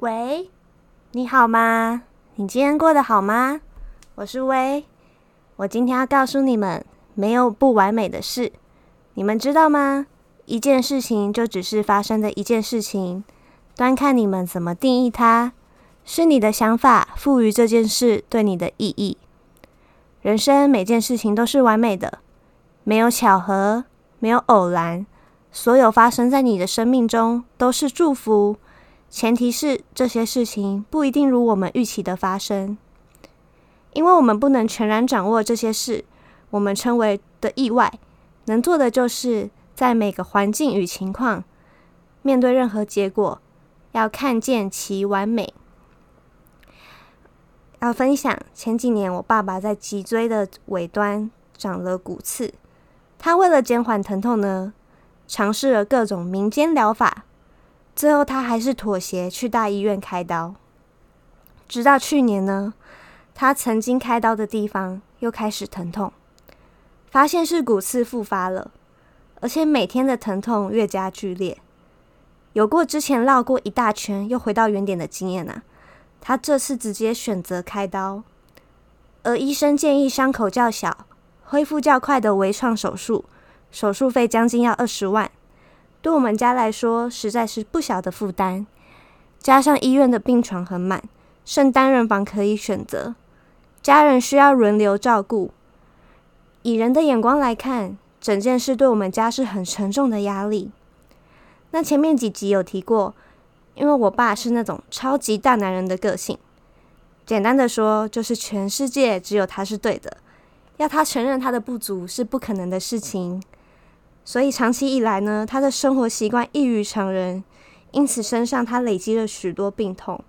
喂，你好嗎？你今天過得好嗎？我是薇，我今天要告訴你們，沒有不完美的事，你們知道嗎？一件事情就只是發生的一件事情，端看你們怎麼定義它。是你的想法賦予這件事對你的意義。人生每件事情都是完美的，沒有巧合，沒有偶然，所有發生在你的生命中都是祝福。前提是這些事情不一定如我們預期的發生，因為我們不能全然掌握這些事，我們稱為的意外。能做的就是在每個環境與情況，面對任何結果，要看見其完美。要分享，前幾年我爸爸在脊椎的尾端長了骨刺，他為了減緩疼痛呢，嘗試了各種民間療法。最後，他還是妥協去大醫院開刀。直到去年呢，他曾經開刀的地方又開始疼痛，發現是骨刺復發了，而且每天的疼痛越加劇烈。有過之前繞過一大圈又回到原點的經驗啊，他這次直接選擇開刀，而醫生建議傷口較小、恢復較快的微創手術，手術費將近要二十萬。對我們家來說，實在是不小的負擔。加上醫院的病床很滿，剩單人房可以選擇。家人需要輪流照顧。以人的眼光來看，整件事對我們家是很沉重的壓力。那前面幾集有提過，因為我爸是那種超級大男人的個性，簡單的說，就是全世界只有他是對的，要他承認他的不足是不可能的事情。所以長期以來呢，他的生活習慣異於常人，因此身上他累積了許多病痛。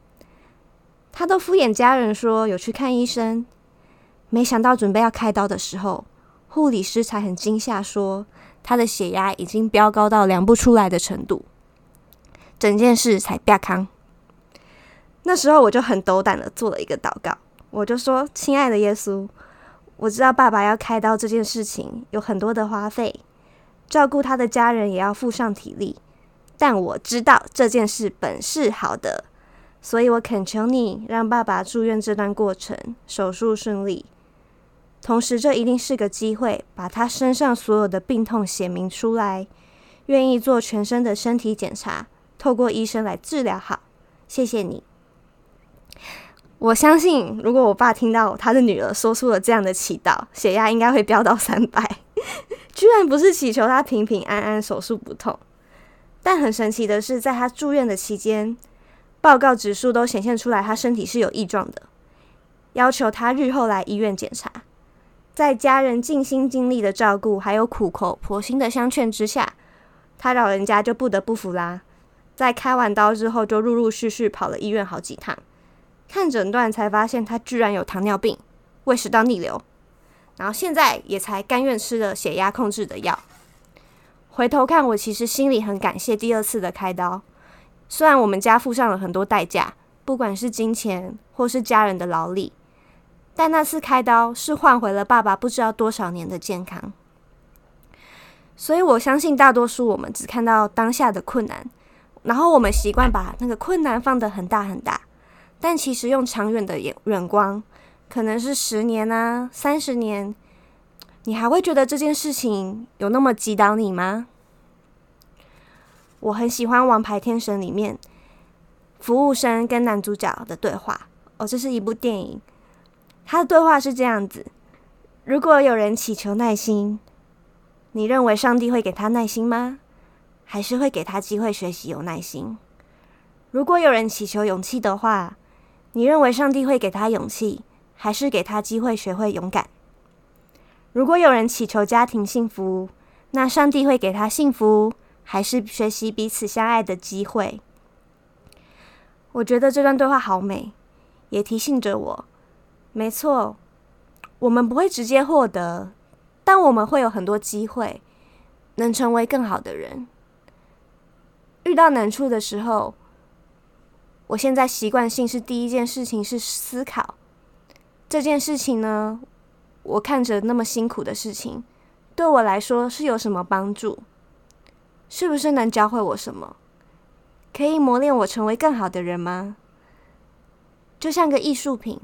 他都敷衍家人說有去看醫生，沒想到準備要開刀的時候，護理師才很驚嚇說他的血壓已經飆高到量不出來的程度。整件事才啪康。那時候我就很斗膽地做了一個禱告，我就說：“親愛的耶穌，我知道爸爸要開刀這件事情有很多的花費。”照顧他的家人也要付上體力，但我知道這件事本是好的，所以我懇求你讓爸爸住院這段過程手術順利，同時這一定是個機會，把他身上所有的病痛寫明出來，願意做全身的身體檢查，透過醫生來治療好。謝謝你，我相信如果我爸聽到他的女兒說出了這樣的祈禱，血壓應該會飆到三百。居然不是祈求他平平安安，手術不痛，但很神奇的是，在他住院的期間，報告指數都顯現出來，他身體是有異狀的，要求他日後來醫院檢查。在家人盡心盡力的照顧，還有苦口婆心的相勸之下，他老人家就不得不服啦。在開完刀之後，就陸陸續續跑了醫院好幾趟，看診斷才發現他居然有糖尿病、胃食道逆流。然後現在也才甘願吃了血壓控制的藥。回頭看，我其實心裡很感謝第二次的開刀，雖然我們家付上了很多代價，不管是金錢或是家人的勞力，但那次開刀是換回了爸爸不知道多少年的健康。所以我相信，大多數我們只看到當下的困難，然後我們習慣把那個困難放得很大很大，但其實用長遠的眼眼光。可能是十年呢，啊，三十年，你還會覺得這件事情有那麼擊倒你嗎？我很喜歡《王牌天神》裡面服務生跟男主角的對話。哦，這是一部電影，他的對話是這樣子：如果有人祈求耐心，你認為上帝會給他耐心嗎？還是會給他機會學習有耐心？如果有人祈求勇氣的話，你認為上帝會給他勇氣？還是給他機會學會勇敢。如果有人祈求家庭幸福，那上帝會給他幸福，還是學習彼此相愛的機會？我覺得這段對話好美，也提醒着我。沒錯，我們不會直接獲得，但我們會有很多機會，能成為更好的人。遇到難處的時候，我現在習慣性是第一件事情是思考。這件事情呢，我看着那麼辛苦的事情，對我來說是有什麼幫助？是不是能教會我什麼？可以磨練我成為更好的人嗎？就像個藝術品，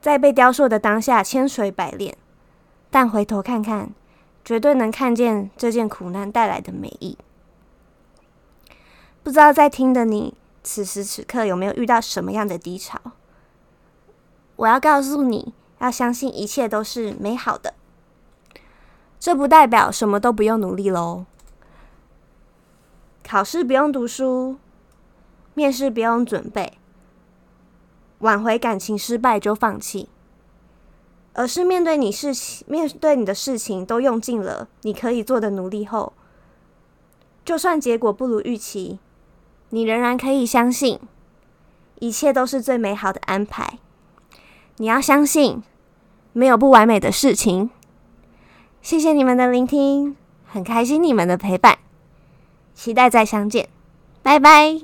在被雕塑的當下千錘百煉，但回頭看看，絕對能看見這件苦難帶來的美意。不知道在聽的你，此時此刻有沒有遇到什麼樣的低潮？我要告訴你，要相信一切都是美好的。這不代表什麼都不用努力嘍，考試不用讀書，面試不用準備，挽回感情失敗就放棄，而是面對你事情，面對你的事情都用盡了你可以做的努力後，就算結果不如預期，你仍然可以相信一切都是最美好的安排。你要相信，沒有不完美的事情。謝謝你們的聆聽，很開心你們的陪伴，期待再相見，拜拜。